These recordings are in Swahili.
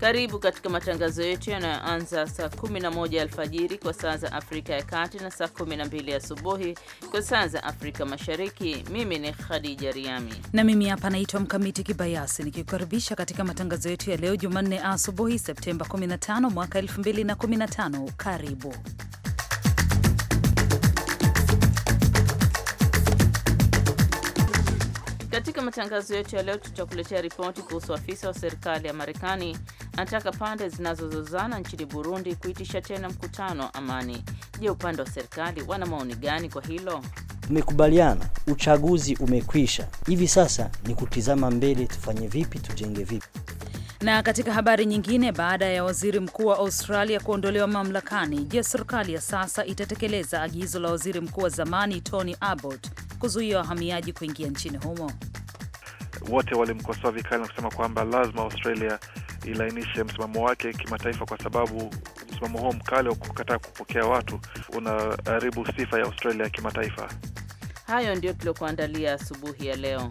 Karibu katika matangazo yetu yanayoanza saa 11 alfajiri kwa saa za Afrika ya Kati na saa 12 asubuhi kwa saa za Afrika Mashariki. Mimi ni Khadija Riami na mimi hapa naitwa Mkamiti Kibayasi nikikukaribisha katika matangazo yetu ya leo Jumanne asubuhi Septemba 15 mwaka 2015. Karibu Katika matangazo yetu ya leo tutakuletea ripoti kuhusu afisa wa serikali ya Marekani anataka pande zinazozozana nchini Burundi kuitisha tena mkutano wa amani. Je, upande wa serikali wana maoni gani kwa hilo? Tumekubaliana uchaguzi umekwisha, hivi sasa ni kutizama mbele, tufanye vipi, tujenge vipi. Na katika habari nyingine, baada ya waziri mkuu wa Australia kuondolewa mamlakani, je, serikali ya sasa itatekeleza agizo la waziri mkuu wa zamani Tony Abbott kuzuia wahamiaji kuingia nchini humo? Wote walimkosoa vikali na kusema kwamba lazima Australia ilainishe msimamo wake kimataifa, kwa sababu msimamo huo mkali wa kukataa kupokea watu unaharibu sifa ya Australia ya kimataifa. Hayo ndio tuliokuandalia asubuhi ya leo.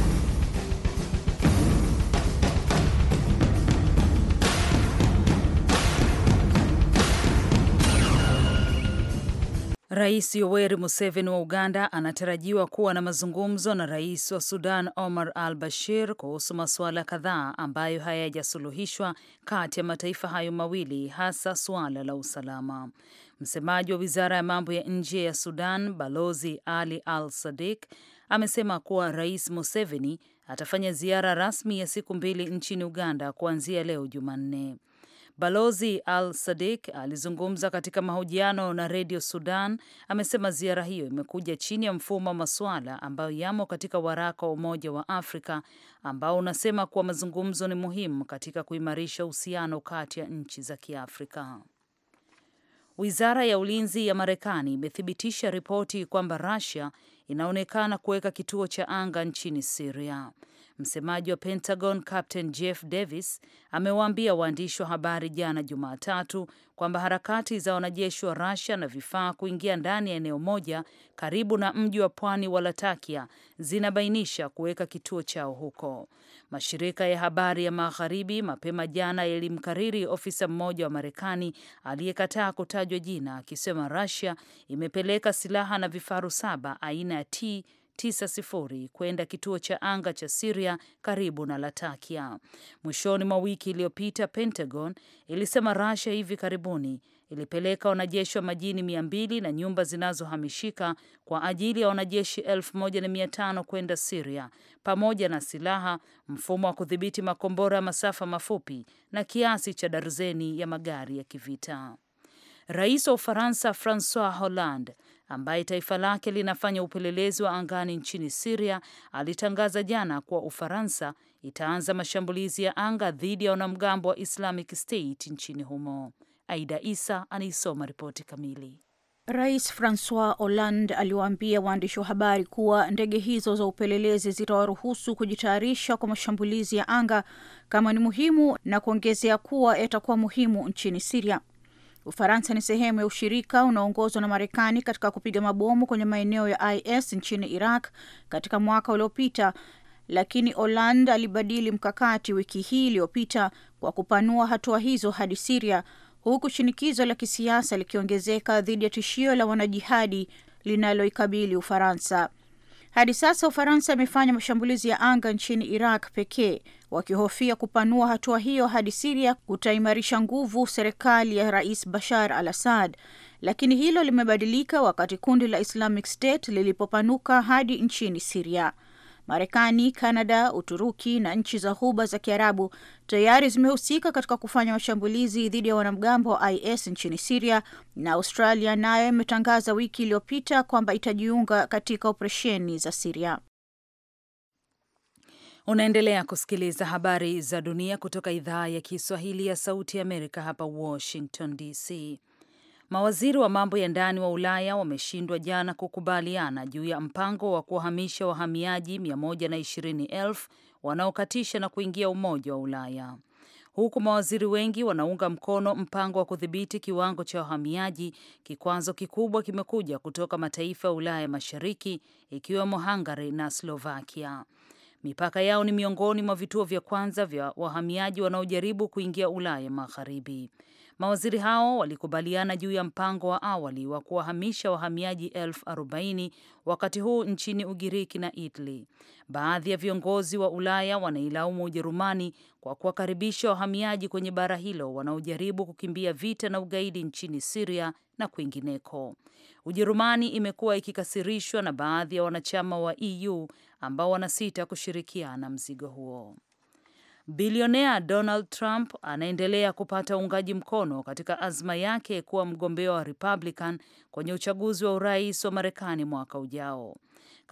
Rais Yoweri Museveni wa Uganda anatarajiwa kuwa na mazungumzo na rais wa Sudan Omar al Bashir kuhusu masuala kadhaa ambayo hayajasuluhishwa kati ya mataifa hayo mawili, hasa suala la usalama. Msemaji wa wizara ya mambo ya nje ya Sudan, Balozi Ali al Sadik, amesema kuwa Rais Museveni atafanya ziara rasmi ya siku mbili nchini Uganda kuanzia leo Jumanne. Balozi Al Sadik alizungumza katika mahojiano na redio Sudan, amesema ziara hiyo imekuja chini ya mfumo wa masuala ambayo yamo katika waraka wa Umoja wa Afrika ambao unasema kuwa mazungumzo ni muhimu katika kuimarisha uhusiano kati ya nchi za Kiafrika. Wizara ya ulinzi ya Marekani imethibitisha ripoti kwamba rasia inaonekana kuweka kituo cha anga nchini Siria. Msemaji wa Pentagon Captain Jeff Davis amewaambia waandishi wa habari jana Jumatatu kwamba harakati za wanajeshi wa Russia na vifaa kuingia ndani ya eneo moja karibu na mji wa pwani wa Latakia zinabainisha kuweka kituo chao huko. Mashirika ya habari ya Magharibi mapema jana yalimkariri ofisa mmoja wa Marekani aliyekataa kutajwa jina akisema rasia imepeleka silaha na vifaru saba aina ya T 90 kwenda kituo cha anga cha Siria karibu na Latakia. Mwishoni mwa wiki iliyopita, Pentagon ilisema Russia hivi karibuni ilipeleka wanajeshi wa majini mia mbili na nyumba zinazohamishika kwa ajili ya wanajeshi elfu moja na mia tano kwenda Siria, pamoja na silaha, mfumo wa kudhibiti makombora ya masafa mafupi na kiasi cha darzeni ya magari ya kivita. Rais wa Ufaransa Francois Hollande ambaye taifa lake linafanya upelelezi wa angani nchini Siria alitangaza jana kuwa Ufaransa itaanza mashambulizi ya anga dhidi ya wanamgambo wa Islamic State nchini humo. Aida Isa anaisoma ripoti kamili. Rais Francois Hollande aliwaambia waandishi wa habari kuwa ndege hizo za upelelezi zitawaruhusu kujitayarisha kwa mashambulizi ya anga kama ni muhimu, na kuongezea kuwa yatakuwa muhimu nchini Siria. Ufaransa ni sehemu ya ushirika unaoongozwa na Marekani katika kupiga mabomu kwenye maeneo ya IS nchini Iraq katika mwaka uliopita, lakini Oland alibadili mkakati wiki hii iliyopita kwa kupanua hatua hizo hadi Siria, huku shinikizo la kisiasa likiongezeka dhidi ya tishio la wanajihadi linaloikabili Ufaransa. Hadi sasa Ufaransa imefanya mashambulizi ya anga nchini Iraq pekee wakihofia kupanua hatua hiyo hadi Siria kutaimarisha nguvu serikali ya Rais Bashar al Assad, lakini hilo limebadilika wakati kundi la Islamic State lilipopanuka hadi nchini Siria. Marekani, Kanada, Uturuki na nchi za Ghuba za Kiarabu tayari zimehusika katika kufanya mashambulizi dhidi ya wanamgambo wa IS nchini Siria, na Australia nayo imetangaza wiki iliyopita kwamba itajiunga katika operesheni za Siria. Unaendelea kusikiliza habari za dunia kutoka idhaa ya Kiswahili ya Sauti Amerika hapa Washington DC. Mawaziri wa mambo ya ndani wa Ulaya wameshindwa jana kukubaliana juu ya mpango wa kuwahamisha wahamiaji 120,000 wanaokatisha na kuingia Umoja wa Ulaya, huku mawaziri wengi wanaunga mkono mpango wa kudhibiti kiwango cha wahamiaji. Kikwazo kikubwa kimekuja kutoka mataifa ya Ulaya Mashariki, ikiwemo Hungary na Slovakia. Mipaka yao ni miongoni mwa vituo vya kwanza vya wahamiaji wanaojaribu kuingia Ulaya Magharibi. Mawaziri hao walikubaliana juu ya mpango wa awali wa kuwahamisha wahamiaji elfu arobaini wakati huu nchini Ugiriki na Italy. Baadhi ya viongozi wa Ulaya wanailaumu Ujerumani kwa kuwakaribisha wahamiaji kwenye bara hilo wanaojaribu kukimbia vita na ugaidi nchini Siria na kwingineko. Ujerumani imekuwa ikikasirishwa na baadhi ya wanachama wa EU ambao wanasita kushirikiana mzigo huo. Bilionea Donald Trump anaendelea kupata uungaji mkono katika azma yake kuwa mgombea wa Republican kwenye uchaguzi wa urais wa Marekani mwaka ujao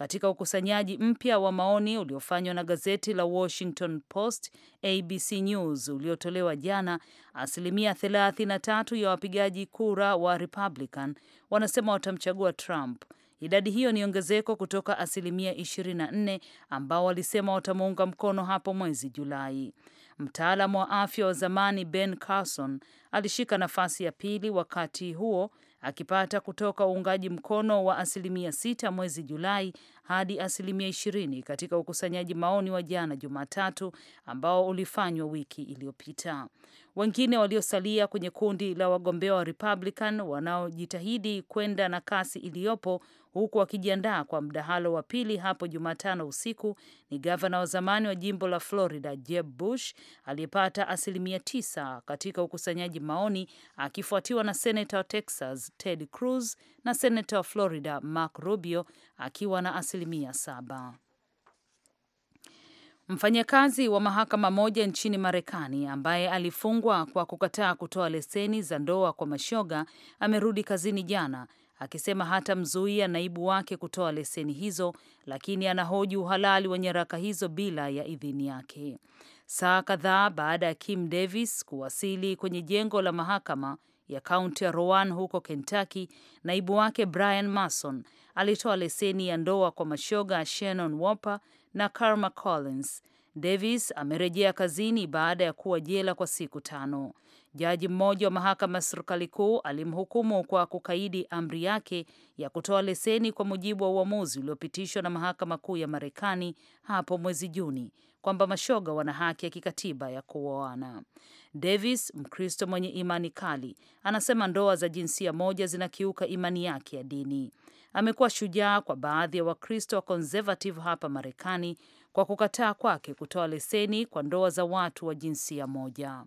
katika ukusanyaji mpya wa maoni uliofanywa na gazeti la Washington Post ABC News uliotolewa jana, asilimia 33 ya wapigaji kura wa Republican wanasema watamchagua Trump. Idadi hiyo ni ongezeko kutoka asilimia 24 ambao walisema watamuunga mkono hapo mwezi Julai. Mtaalamu wa afya wa zamani Ben Carson alishika nafasi ya pili wakati huo akipata kutoka uungaji mkono wa asilimia sita mwezi Julai hadi asilimia ishirini katika ukusanyaji maoni wa jana Jumatatu ambao ulifanywa wiki iliyopita. Wengine waliosalia kwenye kundi la wagombea wa Republican wanaojitahidi kwenda na kasi iliyopo huku akijiandaa kwa mdahalo wa pili hapo Jumatano usiku. Ni gavana wa zamani wa jimbo la Florida Jeb Bush aliyepata asilimia tisa katika ukusanyaji maoni, akifuatiwa na senata wa Texas Ted Cruz na senata wa Florida Mark Rubio akiwa na asilimia saba. Mfanyakazi wa mahakama moja nchini Marekani ambaye alifungwa kwa kukataa kutoa leseni za ndoa kwa mashoga amerudi kazini jana akisema hatamzuia naibu wake kutoa leseni hizo, lakini anahoji uhalali wa nyaraka hizo bila ya idhini yake. Saa kadhaa baada ya Kim Davis kuwasili kwenye jengo la mahakama ya kaunti ya Rowan huko Kentucky, naibu wake Brian Mason alitoa leseni ya ndoa kwa mashoga Shannon Woper na Karma Collins. Davis amerejea kazini baada ya kuwa jela kwa siku tano. Jaji mmoja wa mahakama ya serikali kuu alimhukumu kwa kukaidi amri yake ya kutoa leseni kwa mujibu wa uamuzi uliopitishwa na mahakama kuu ya Marekani hapo mwezi Juni kwamba mashoga wana haki ya kikatiba ya kuoana. Davis, Mkristo mwenye imani kali, anasema ndoa za jinsia moja zinakiuka imani yake ya dini. Amekuwa shujaa kwa baadhi ya Wakristo wa conservative hapa Marekani kwa kukataa kwake kutoa leseni kwa ndoa za watu wa jinsia moja.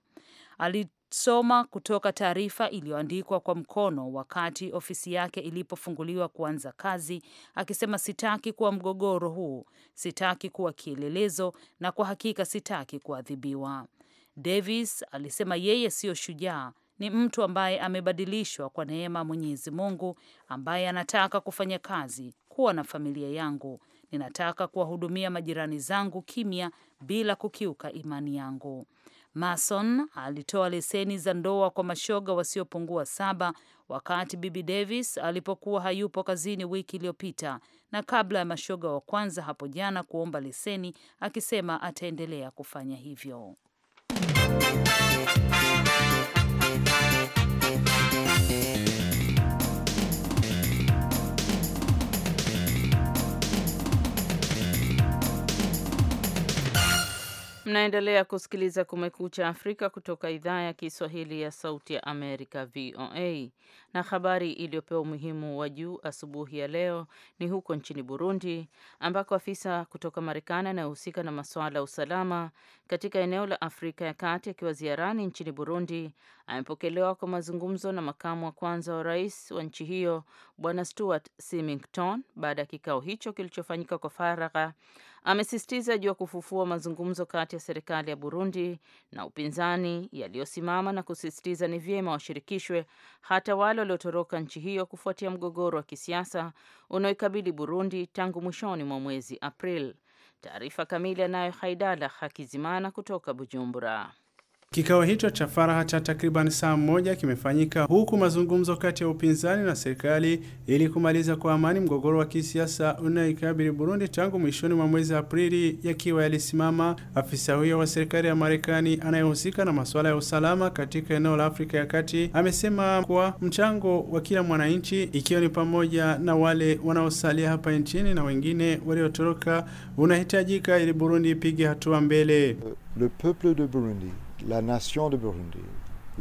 Ali soma kutoka taarifa iliyoandikwa kwa mkono wakati ofisi yake ilipofunguliwa kuanza kazi, akisema sitaki kuwa mgogoro huu, sitaki kuwa kielelezo, na kwa hakika sitaki kuadhibiwa. Davis alisema yeye siyo shujaa, ni mtu ambaye amebadilishwa kwa neema Mwenyezi Mungu, ambaye anataka kufanya kazi, kuwa na familia yangu. Ninataka kuwahudumia majirani zangu kimya, bila kukiuka imani yangu. Mason alitoa leseni za ndoa kwa mashoga wasiopungua saba wakati Bibi Davis alipokuwa hayupo kazini wiki iliyopita na kabla ya mashoga wa kwanza hapo jana kuomba leseni akisema ataendelea kufanya hivyo. Mnaendelea kusikiliza Kumekucha Afrika kutoka idhaa ya Kiswahili ya Sauti ya Amerika, VOA. Na habari iliyopewa umuhimu wa juu asubuhi ya leo ni huko nchini Burundi, ambako afisa kutoka Marekani anayehusika na masuala ya usalama katika eneo la Afrika ya Kati akiwa ziarani nchini Burundi amepokelewa kwa mazungumzo na makamu wa kwanza wa rais wa nchi hiyo Bwana Stuart Symington baada ya kikao hicho kilichofanyika kwa faragha amesisitiza juu ya kufufua mazungumzo kati ya serikali ya Burundi na upinzani yaliyosimama na kusisitiza ni vyema washirikishwe hata wale waliotoroka nchi hiyo kufuatia mgogoro wa kisiasa unaoikabili Burundi tangu mwishoni mwa mwezi april Taarifa kamili anayo Haidala Hakizimana kutoka Bujumbura. Kikao hicho cha faraha cha takriban saa moja kimefanyika huku mazungumzo kati ya upinzani na serikali ili kumaliza kwa amani mgogoro wa kisiasa unaoikabili Burundi tangu mwishoni mwa mwezi Aprili yakiwa yalisimama. Afisa huyo wa serikali ya Marekani anayehusika na masuala ya usalama katika eneo la Afrika ya Kati amesema kuwa mchango wa kila mwananchi, ikiwa ni pamoja na wale wanaosalia hapa nchini na wengine waliotoroka, unahitajika ili Burundi ipige hatua mbele. Le peuple de Burundi la nation de Burundi.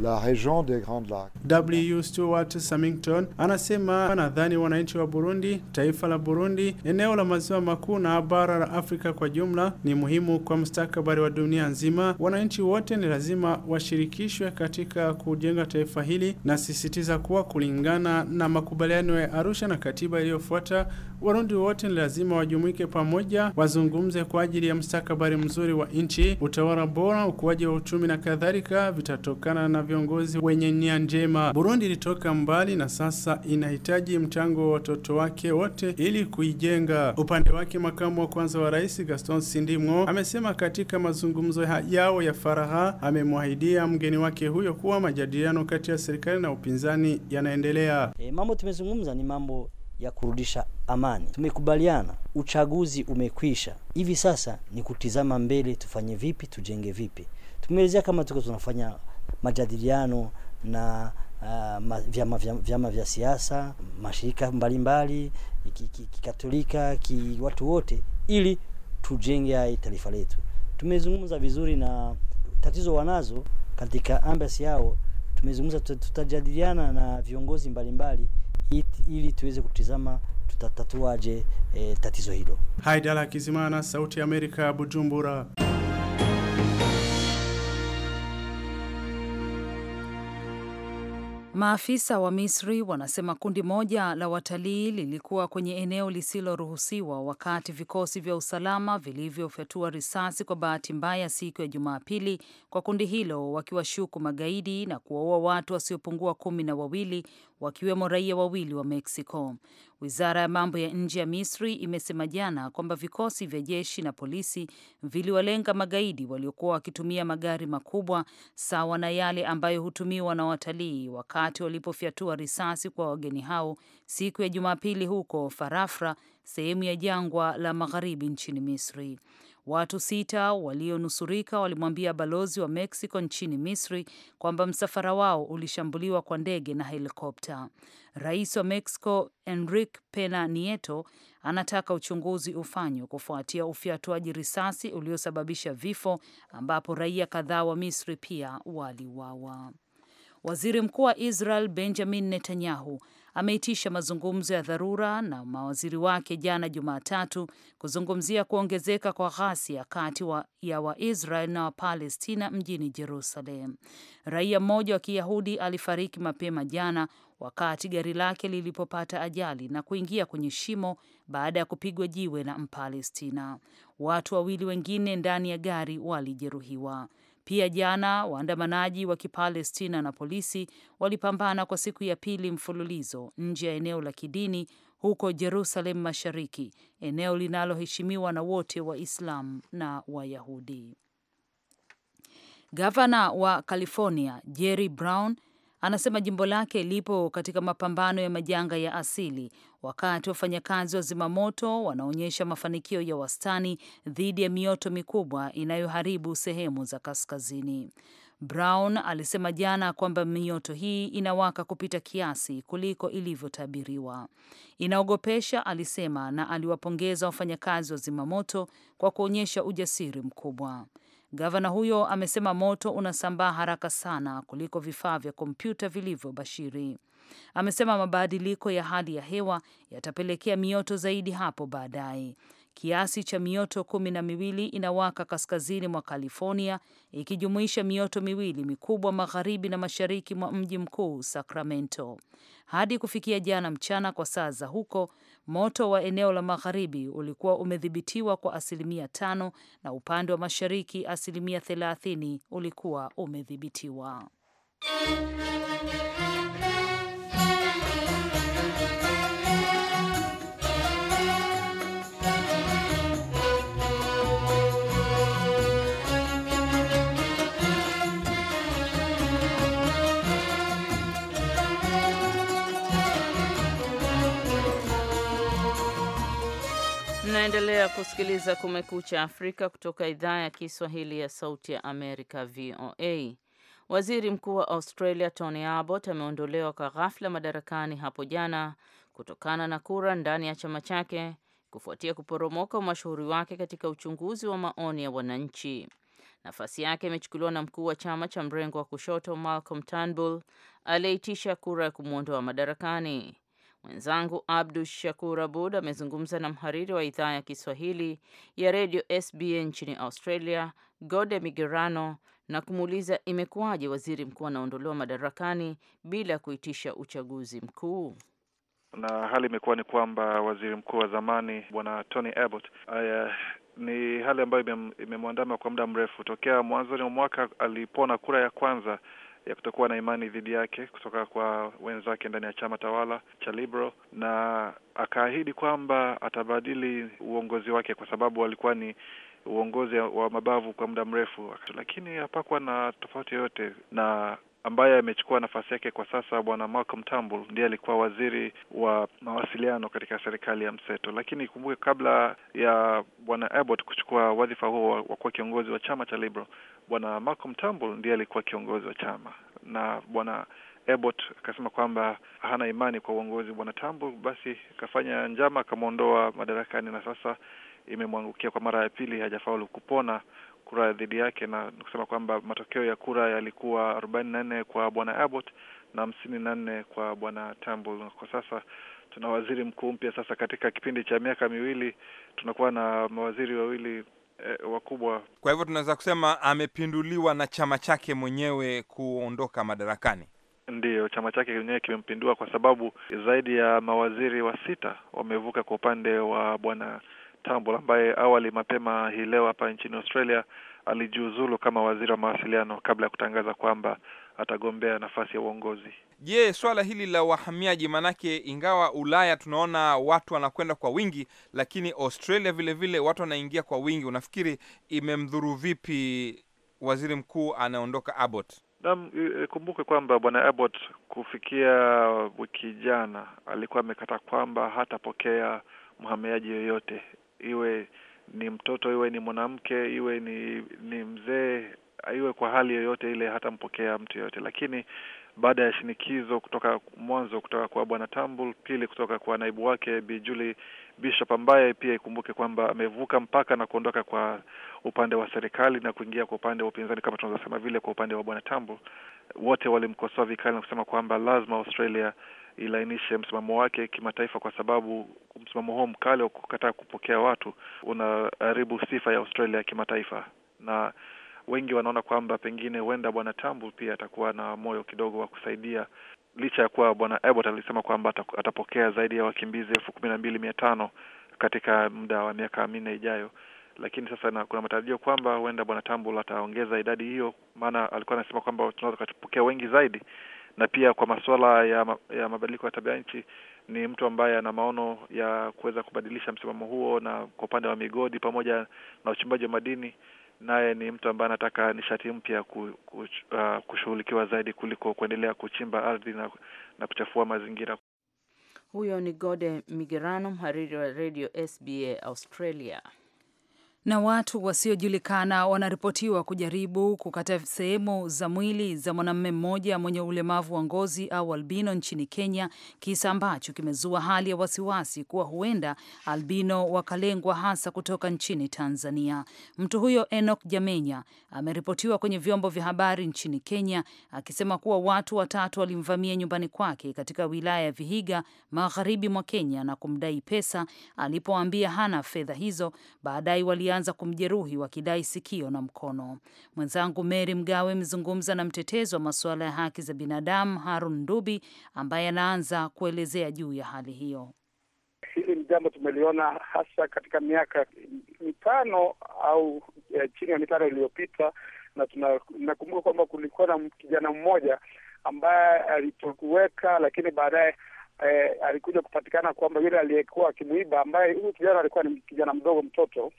la region des Grands Lacs. W Stewart Samington anasema anadhani wananchi wa Burundi, taifa la Burundi, eneo la maziwa makuu na bara la Afrika kwa jumla ni muhimu kwa mustakabali wa dunia nzima. Wananchi wote ni lazima washirikishwe katika kujenga taifa hili, na sisitiza kuwa kulingana na makubaliano ya Arusha na katiba iliyofuata, Warundi wote ni lazima wajumuike pamoja, wazungumze kwa ajili ya mustakabali mzuri wa nchi, utawala bora, ukuaji wa uchumi na kadhalika, vitatokana na viongozi wenye nia njema. Burundi ilitoka mbali na sasa inahitaji mchango wa watoto wake wote ili kuijenga. Upande wake makamu wa kwanza wa rais Gaston Sindimwo amesema katika mazungumzo yao ya faraha amemwahidia mgeni wake huyo kuwa majadiliano kati ya serikali na upinzani yanaendelea. E, mambo tumezungumza ni mambo ya kurudisha amani. Tumekubaliana uchaguzi umekwisha, hivi sasa ni kutizama mbele, tufanye vipi, tujenge vipi. Tumeelezea kama tuko tunafanya majadiliano na uh, vyama, vyama, vyama vya siasa, mashirika mbalimbali kikatolika, ki, ki, ki, watu wote, ili tujenge hai taifa letu. Tumezungumza vizuri na tatizo wanazo katika ambasi yao, tumezungumza, tutajadiliana na viongozi mbalimbali mbali, ili tuweze kutizama tutatatuaje eh, tatizo hilo. Haidala Kizimana, Sauti ya Amerika, Bujumbura. Maafisa wa Misri wanasema kundi moja la watalii lilikuwa kwenye eneo lisiloruhusiwa wakati vikosi vya usalama vilivyofyatua risasi kwa bahati mbaya siku ya Jumapili kwa kundi hilo, wakiwashuku magaidi na kuwaua watu wasiopungua kumi na wawili wakiwemo raia wawili wa Mexico. Wizara ya mambo ya nje ya Misri imesema jana kwamba vikosi vya jeshi na polisi viliwalenga magaidi waliokuwa wakitumia magari makubwa sawa na yale ambayo hutumiwa na watalii wakati walipofyatua risasi kwa wageni hao siku ya Jumapili huko Farafra, sehemu ya jangwa la magharibi nchini Misri. Watu sita walionusurika walimwambia balozi wa Mexico nchini Misri kwamba msafara wao ulishambuliwa kwa ndege na helikopta. Rais wa Mexico Enrique Pena Nieto anataka uchunguzi ufanywe kufuatia ufyatuaji risasi uliosababisha vifo ambapo raia kadhaa wa Misri pia waliuawa. Waziri Mkuu wa Israel Benjamin Netanyahu ameitisha mazungumzo ya dharura na mawaziri wake jana Jumatatu kuzungumzia kuongezeka kwa ghasia kati wa, ya Waisrael na Wapalestina mjini Jerusalem. Raia mmoja wa Kiyahudi alifariki mapema jana wakati gari lake lilipopata ajali na kuingia kwenye shimo baada ya kupigwa jiwe na Mpalestina. Watu wawili wengine ndani ya gari walijeruhiwa. Pia jana waandamanaji wa Kipalestina na polisi walipambana kwa siku ya pili mfululizo nje ya eneo la kidini huko Jerusalem Mashariki, eneo linaloheshimiwa na wote Waislamu na Wayahudi. Gavana wa California Jerry Brown anasema jimbo lake lipo katika mapambano ya majanga ya asili, wakati wafanyakazi wa zimamoto wanaonyesha mafanikio ya wastani dhidi ya mioto mikubwa inayoharibu sehemu za kaskazini. Brown alisema jana kwamba mioto hii inawaka kupita kiasi kuliko ilivyotabiriwa. Inaogopesha, alisema, na aliwapongeza wafanyakazi wa zimamoto kwa kuonyesha ujasiri mkubwa. Gavana huyo amesema moto unasambaa haraka sana kuliko vifaa vya kompyuta vilivyobashiri. Amesema mabadiliko ya hali ya hewa yatapelekea mioto zaidi hapo baadaye. Kiasi cha mioto kumi na miwili inawaka kaskazini mwa California, ikijumuisha mioto miwili mikubwa magharibi na mashariki mwa mji mkuu Sacramento. Hadi kufikia jana mchana kwa saa za huko, Moto wa eneo la magharibi ulikuwa umedhibitiwa kwa asilimia tano na upande wa mashariki asilimia thelathini ulikuwa umedhibitiwa. Unaendelea kusikiliza Kumekucha Afrika kutoka idhaa ya Kiswahili ya Sauti ya Amerika, VOA. Waziri Mkuu wa Australia Tony Abbott ameondolewa kwa ghafla madarakani hapo jana kutokana na kura ndani ya chama chake kufuatia kuporomoka umashuhuri wake katika uchunguzi wa maoni ya wananchi. Nafasi yake imechukuliwa na mkuu wa chama cha mrengo wa kushoto Malcolm Turnbull aliyeitisha kura ya kumwondoa madarakani. Mwenzangu Abdu Shakur Abud amezungumza na mhariri wa idhaa ya Kiswahili ya redio SBA nchini Australia, Gode Migerano, na kumuuliza imekuwaje waziri mkuu anaondolewa madarakani bila kuitisha uchaguzi mkuu na hali imekuwa ni kwamba waziri mkuu wa zamani bwana Tony Abbott aya, ni hali ambayo imemwandama kwa muda mrefu tokea mwanzoni mwa mwaka alipona kura ya kwanza ya kutokuwa na imani dhidi yake kutoka kwa wenzake ndani ya chama tawala cha Liberal, na akaahidi kwamba atabadili uongozi wake kwa sababu alikuwa ni uongozi wa mabavu kwa muda mrefu, lakini hapakuwa na tofauti yoyote na ambaye amechukua nafasi yake kwa sasa, bwana Malcolm Turnbull ndiye alikuwa waziri wa mawasiliano katika serikali ya mseto. Lakini ikumbuke, kabla ya bwana Abbott kuchukua wadhifa huo wa kuwa kiongozi wa chama cha Liberal, bwana Malcolm Turnbull ndiye alikuwa kiongozi wa chama, na bwana Abbott akasema kwamba hana imani kwa uongozi bwana Turnbull, basi akafanya njama akamwondoa madarakani, na sasa imemwangukia kwa mara ya pili, hajafaulu kupona kura dhidi yake, na kusema kwamba matokeo ya kura yalikuwa arobaini na nne kwa bwana Abbott na hamsini na nne kwa bwana Turnbull. Kwa sasa tuna waziri mkuu mpya. Sasa katika kipindi cha miaka miwili tunakuwa na mawaziri wawili eh, wakubwa. Kwa hivyo tunaweza kusema amepinduliwa na chama chake mwenyewe kuondoka madarakani. Ndiyo, chama chake mwenyewe kimempindua kwa sababu zaidi ya mawaziri wa sita wamevuka kwa upande wa bwana Turnbull ambaye awali mapema hii leo hapa nchini Australia alijiuzulu kama waziri wa mawasiliano kabla ya kutangaza kwamba atagombea nafasi ya uongozi. Je, swala hili la wahamiaji, maanake ingawa Ulaya tunaona watu wanakwenda kwa wingi, lakini Australia vilevile vile watu wanaingia kwa wingi, unafikiri imemdhuru vipi waziri mkuu anaondoka Abbott? Naam, ikumbukwe kwamba bwana Abbott kufikia wiki jana alikuwa amekata kwamba hatapokea mhamiaji yoyote iwe ni mtoto, iwe ni mwanamke, iwe ni ni mzee, iwe kwa hali yoyote ile, hatampokea mtu yoyote. Lakini baada ya shinikizo kutoka mwanzo, kutoka kwa bwana Tambul, pili kutoka kwa naibu wake Bi juli Bishop, ambaye pia ikumbuke kwamba amevuka mpaka na kuondoka kwa upande wa serikali na kuingia kwa upande wa upinzani, kama tunavyosema vile kwa upande wa bwana Tambul, wote walimkosoa vikali na kusema kwamba lazima Australia ilainishe msimamo wake kimataifa, kwa sababu msimamo huo mkali wa kukataa kupokea watu unaharibu sifa ya Australia ya kimataifa, na wengi wanaona kwamba pengine huenda Bwana Tambu pia atakuwa na moyo kidogo wa kusaidia, licha ya kuwa Bwana Abbott alisema kwamba atapokea zaidi ya wakimbizi elfu kumi na mbili mia tano katika muda wa miaka minne ijayo lakini sasa na, kuna matarajio kwamba huenda bwana Tambul ataongeza idadi hiyo, maana alikuwa anasema kwamba tunaweza tukapokea wengi zaidi, na pia kwa masuala ya, ya mabadiliko ya tabia nchi ni mtu ambaye ana maono ya kuweza kubadilisha msimamo huo, na kwa upande wa migodi pamoja na uchimbaji wa madini naye ni mtu ambaye anataka nishati mpya uh, kushughulikiwa zaidi kuliko kuendelea kuchimba ardhi na, na kuchafua mazingira. Huyo ni Gode Migerano, mhariri wa redio SBA Australia na watu wasiojulikana wanaripotiwa kujaribu kukata sehemu za mwili za mwanamume mmoja mwenye ulemavu wa ngozi au albino nchini Kenya, kisa ambacho kimezua hali ya wasiwasi kuwa huenda albino wakalengwa hasa kutoka nchini Tanzania. Mtu huyo enok Jamenya ameripotiwa kwenye vyombo vya habari nchini Kenya akisema kuwa watu watatu walimvamia nyumbani kwake katika wilaya ya Vihiga, magharibi mwa Kenya, na kumdai pesa alipoambia hana fedha hizo. Baadaye walianza kumjeruhi wakidai sikio na mkono. Mwenzangu Mary Mgawe amezungumza na mtetezi wa masuala ya haki za binadamu Harun Ndubi ambaye anaanza kuelezea juu ya hali hiyo. Hili ni jambo tumeliona hasa katika miaka mitano au eh, chini ya mitano iliyopita, na tunakumbuka kwamba kulikuwa na kijana mmoja ambaye alitokuweka, lakini baadaye eh, alikuja kupatikana kwamba yule aliyekuwa akimuiba, ambaye huyu kijana alikuwa ni kijana mdogo, mtoto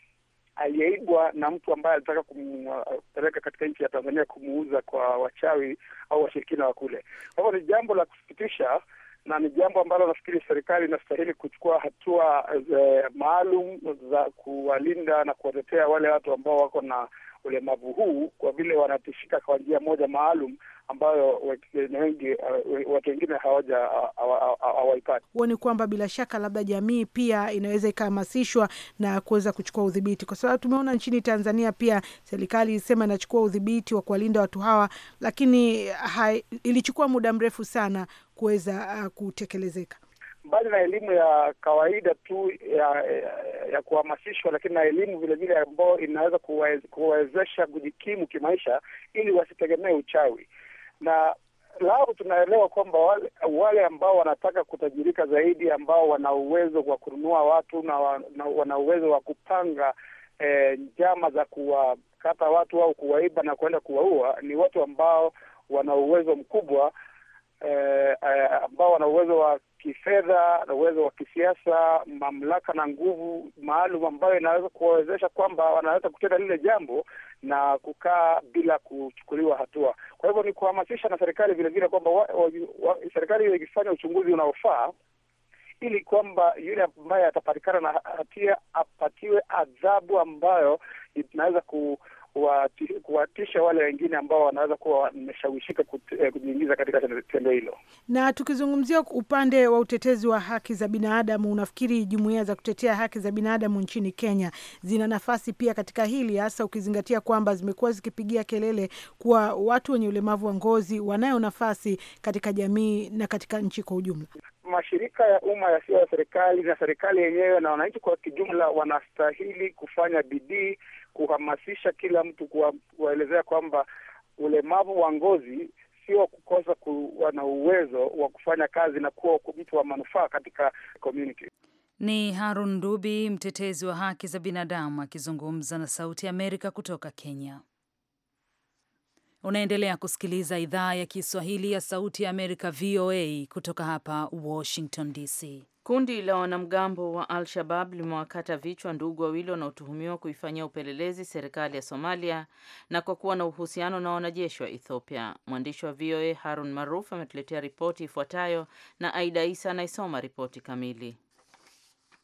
aliyeibwa na mtu ambaye alitaka kumpeleka katika nchi ya Tanzania kumuuza kwa wachawi au washirikina wa kule. Kwa hivyo ni jambo la kusikitisha na ni jambo ambalo nafikiri serikali inastahili kuchukua hatua eh, maalum za kuwalinda na kuwatetea wale watu ambao wako na ulemavu huu, kwa vile wanatishika kwa njia moja maalum ambayo wengi eh, watu wengine hawaja hawaipati. Huo ni kwamba bila shaka labda jamii pia inaweza ikahamasishwa na kuweza kuchukua udhibiti, kwa sababu tumeona nchini Tanzania pia serikali ilisema inachukua udhibiti wa kuwalinda watu hawa, lakini hai, ilichukua muda mrefu sana kuweza uh, kutekelezeka mbali na elimu ya kawaida tu ya ya, ya kuhamasishwa, lakini na elimu vilevile ambayo inaweza kuwawezesha kujikimu kimaisha ili wasitegemee uchawi na lao tunaelewa kwamba wale, wale ambao wanataka kutajirika zaidi, ambao wana uwezo wa kununua watu na, wana uwezo wa kupanga eh, njama za kuwakata watu au kuwaiba na kuenda kuwaua ni watu ambao wana uwezo mkubwa Eh, eh, ambao wana uwezo wa kifedha na uwezo wa kisiasa, mamlaka na nguvu maalum ambayo inaweza kuwawezesha kwamba wanaweza kutenda lile jambo na kukaa bila kuchukuliwa hatua. Kwa hivyo ni kuhamasisha na serikali vilevile kwamba serikali hiyo ikifanya uchunguzi unaofaa ili kwamba yule ambaye atapatikana na hatia apatiwe adhabu ambayo inaweza ku kuwatisha wale wengine ambao wanaweza kuwa wameshawishika eh, kujiingiza katika tendo hilo. Na tukizungumzia upande wa utetezi wa haki za binadamu, unafikiri jumuiya za kutetea haki za binadamu nchini Kenya zina nafasi pia katika hili, hasa ukizingatia kwamba zimekuwa zikipigia kelele kuwa watu wenye ulemavu wa ngozi wanayo nafasi katika jamii na katika nchi kwa ujumla? Mashirika ya umma yasiyo ya serikali na serikali yenyewe na wananchi kwa kijumla wanastahili kufanya bidii kuhamasisha kila mtu kuwaelezea kwamba ulemavu wa ngozi sio kukosa kuwa na uwezo wa kufanya kazi na kuwa mtu wa manufaa katika community. Ni Harun Dubi, mtetezi wa haki za binadamu akizungumza na Sauti ya Amerika kutoka Kenya. Unaendelea kusikiliza idhaa ya Kiswahili ya Sauti ya Amerika, VOA, kutoka hapa Washington DC. Kundi la wanamgambo wa Al-Shabab limewakata vichwa ndugu wawili wanaotuhumiwa kuifanyia upelelezi serikali ya Somalia na kwa kuwa na uhusiano na wanajeshi wa Ethiopia. Mwandishi wa VOA Harun Maruf ametuletea ripoti ifuatayo na Aida Isa anaisoma ripoti kamili.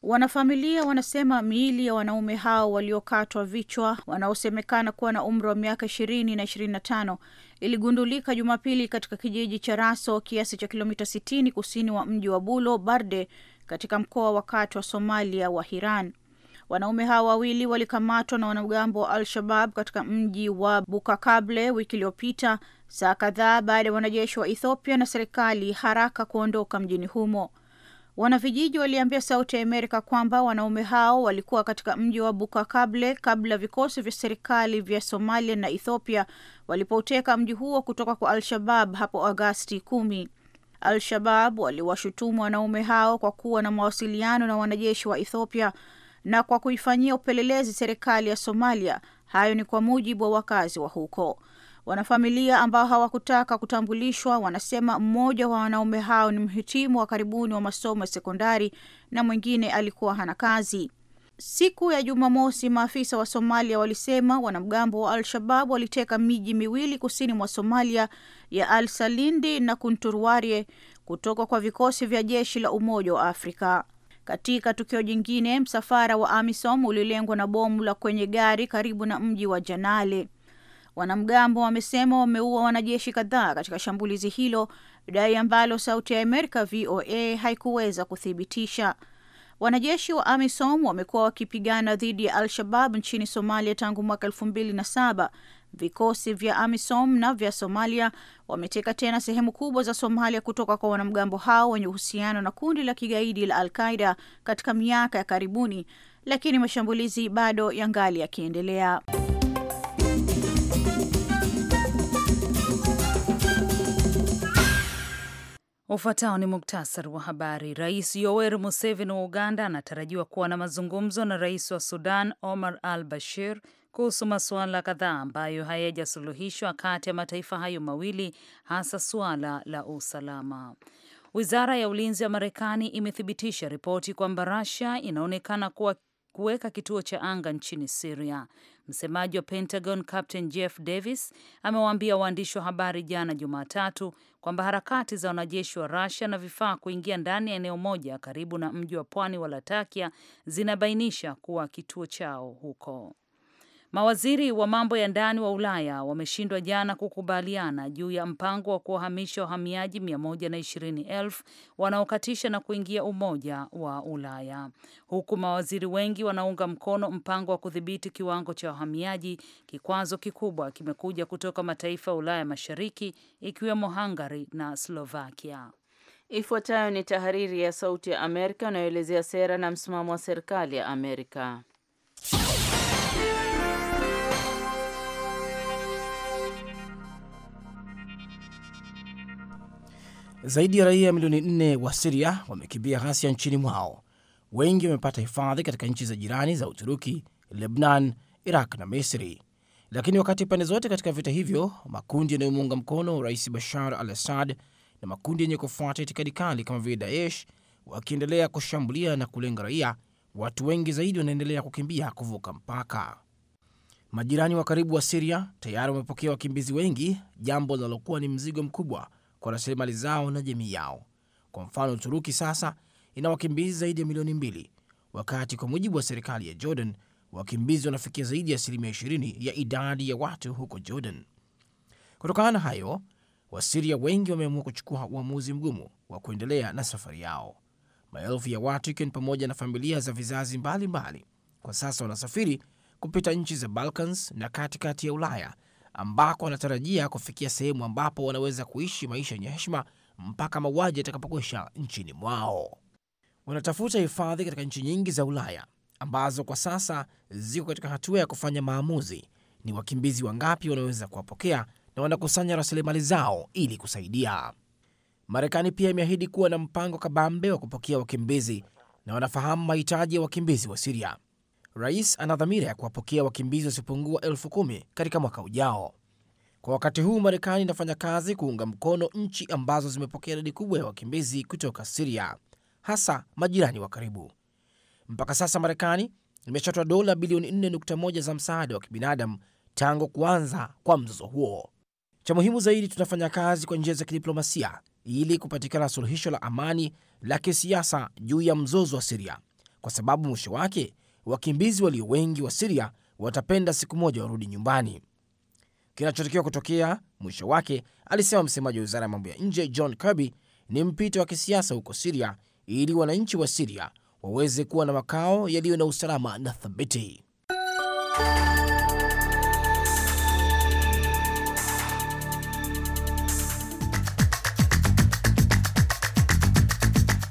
Wanafamilia wanasema miili ya wanaume hao waliokatwa vichwa wanaosemekana kuwa na umri wa miaka ishirini na ishirini na tano iligundulika Jumapili katika kijiji cha Raso, kiasi cha kilomita sitini kusini wa mji wa Bulo Barde katika mkoa wa kati wa Somalia wa Hiran. Wanaume hao wawili walikamatwa na wanamgambo wa Al-Shabab katika mji wa Bukakable wiki iliyopita, saa kadhaa baada ya wanajeshi wa Ethiopia na serikali haraka kuondoka mjini humo. Wanavijiji waliambia Sauti ya Amerika kwamba wanaume hao walikuwa katika mji wa Bukakable kabla vikosi vya serikali vya Somalia na Ethiopia walipoteka mji huo kutoka kwa Al-Shabab hapo Agasti kumi. Al-Shabab waliwashutumu wanaume hao kwa kuwa na mawasiliano na wanajeshi wa Ethiopia na kwa kuifanyia upelelezi serikali ya Somalia. Hayo ni kwa mujibu wa wakazi wa huko. Wanafamilia ambao hawakutaka kutambulishwa wanasema mmoja wa wanaume hao ni mhitimu wa karibuni wa masomo ya sekondari na mwingine alikuwa hana kazi. Siku ya Jumamosi, maafisa wa Somalia walisema wanamgambo wa Al-Shabab waliteka miji miwili kusini mwa Somalia ya Al-Salindi na Kunturwarie kutoka kwa vikosi vya jeshi la Umoja wa Afrika. Katika tukio jingine, msafara wa AMISOM ulilengwa na bomu la kwenye gari karibu na mji wa Janale. Wanamgambo wamesema wameua wanajeshi kadhaa katika shambulizi hilo, dai ambalo Sauti ya Amerika VOA haikuweza kuthibitisha. Wanajeshi wa AMISOM wamekuwa wakipigana dhidi ya Al-Shabab nchini Somalia tangu mwaka elfu mbili na saba. Vikosi vya AMISOM na vya Somalia wameteka tena sehemu kubwa za Somalia kutoka kwa wanamgambo hao wenye uhusiano na kundi la kigaidi la Al-Qaida katika miaka ya karibuni, lakini mashambulizi bado yangali yakiendelea. Ufuatao ni muktasari wa habari. Rais Yoweri Museveni wa Uganda anatarajiwa kuwa na mazungumzo na rais wa Sudan Omar al Bashir kuhusu masuala kadhaa ambayo hayajasuluhishwa kati ya mataifa hayo mawili, hasa suala la usalama. Wizara ya ulinzi ya Marekani imethibitisha ripoti kwamba rasia inaonekana kuwa kuweka kituo cha anga nchini siria Msemaji wa Pentagon Captain Jeff Davis amewaambia waandishi wa habari jana Jumatatu kwamba harakati za wanajeshi wa rasia na vifaa kuingia ndani ya eneo moja karibu na mji wa pwani wa Latakia zinabainisha kuwa kituo chao huko. Mawaziri wa mambo ya ndani wa Ulaya wameshindwa jana kukubaliana juu ya mpango wa kuwahamisha wahamiaji 120,000 wanaokatisha na kuingia Umoja wa Ulaya, huku mawaziri wengi wanaunga mkono mpango wa kudhibiti kiwango cha wahamiaji. Kikwazo kikubwa kimekuja kutoka mataifa ya Ulaya Mashariki ikiwemo Hungary na Slovakia. Ifuatayo ni tahariri ya Sauti ya Amerika inayoelezea sera na msimamo wa serikali ya Amerika. Zaidi ya raia milioni nne wa Siria wamekimbia ghasia nchini mwao. Wengi wamepata hifadhi katika nchi za jirani za Uturuki, Lebnan, Iraq na Misri. Lakini wakati pande zote katika vita hivyo, makundi yanayomuunga mkono Rais Bashar al Assad na makundi yenye kufuata itikadi kali kama vile Daesh wakiendelea kushambulia na kulenga raia, watu wengi zaidi wanaendelea kukimbia kuvuka mpaka. Majirani wa karibu wa Siria tayari wamepokea wakimbizi wengi, jambo linalokuwa ni mzigo mkubwa kwa rasilimali zao na jamii yao. Kwa mfano, Uturuki sasa ina wakimbizi zaidi ya milioni mbili, wakati kwa mujibu wa serikali ya Jordan wakimbizi wanafikia zaidi ya asilimia ishirini ya idadi ya watu huko Jordan. Kutokana na hayo, Wasiria wengi wameamua kuchukua uamuzi mgumu wa kuendelea na safari yao. Maelfu ya watu ikiwa ni pamoja na familia za vizazi mbalimbali mbali, kwa sasa wanasafiri kupita nchi za Balkans na katikati ya Ulaya ambako wanatarajia kufikia sehemu ambapo wanaweza kuishi maisha yenye heshima mpaka mauaji yatakapokwisha nchini mwao. Wanatafuta hifadhi katika nchi nyingi za Ulaya ambazo kwa sasa ziko katika hatua ya kufanya maamuzi ni wakimbizi wangapi wanaweza kuwapokea na wanakusanya rasilimali zao ili kusaidia. Marekani pia imeahidi kuwa na mpango kabambe wa kupokea wakimbizi na wanafahamu mahitaji ya wakimbizi wa Siria rais ana dhamira ya kuwapokea wakimbizi wasiopungua elfu kumi katika mwaka ujao. Kwa wakati huu, Marekani inafanya kazi kuunga mkono nchi ambazo zimepokea idadi kubwa ya wakimbizi kutoka Siria, hasa majirani wa karibu. Mpaka sasa, Marekani imeshatoa dola bilioni 4.1 za msaada wa kibinadamu tangu kuanza kwa mzozo huo. Cha muhimu zaidi, tunafanya kazi kwa njia za kidiplomasia ili kupatikana suluhisho la amani la kisiasa juu ya mzozo wa Siria, kwa sababu mwisho wake wakimbizi walio wengi wa Siria watapenda siku moja warudi nyumbani, kinachotakiwa kutokea mwisho wake, alisema msemaji wa wizara ya mambo ya nje John Kirby, ni mpito wa kisiasa huko Siria ili wananchi wa Siria waweze kuwa na makao yaliyo na usalama na thabiti.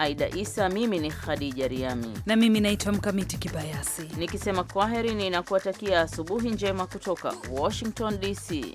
Aida Isa. Mimi ni Khadija Riami na mimi naitwa Mkamiti Kibayasi, nikisema kwaheri ninakuwatakia asubuhi njema kutoka Washington DC.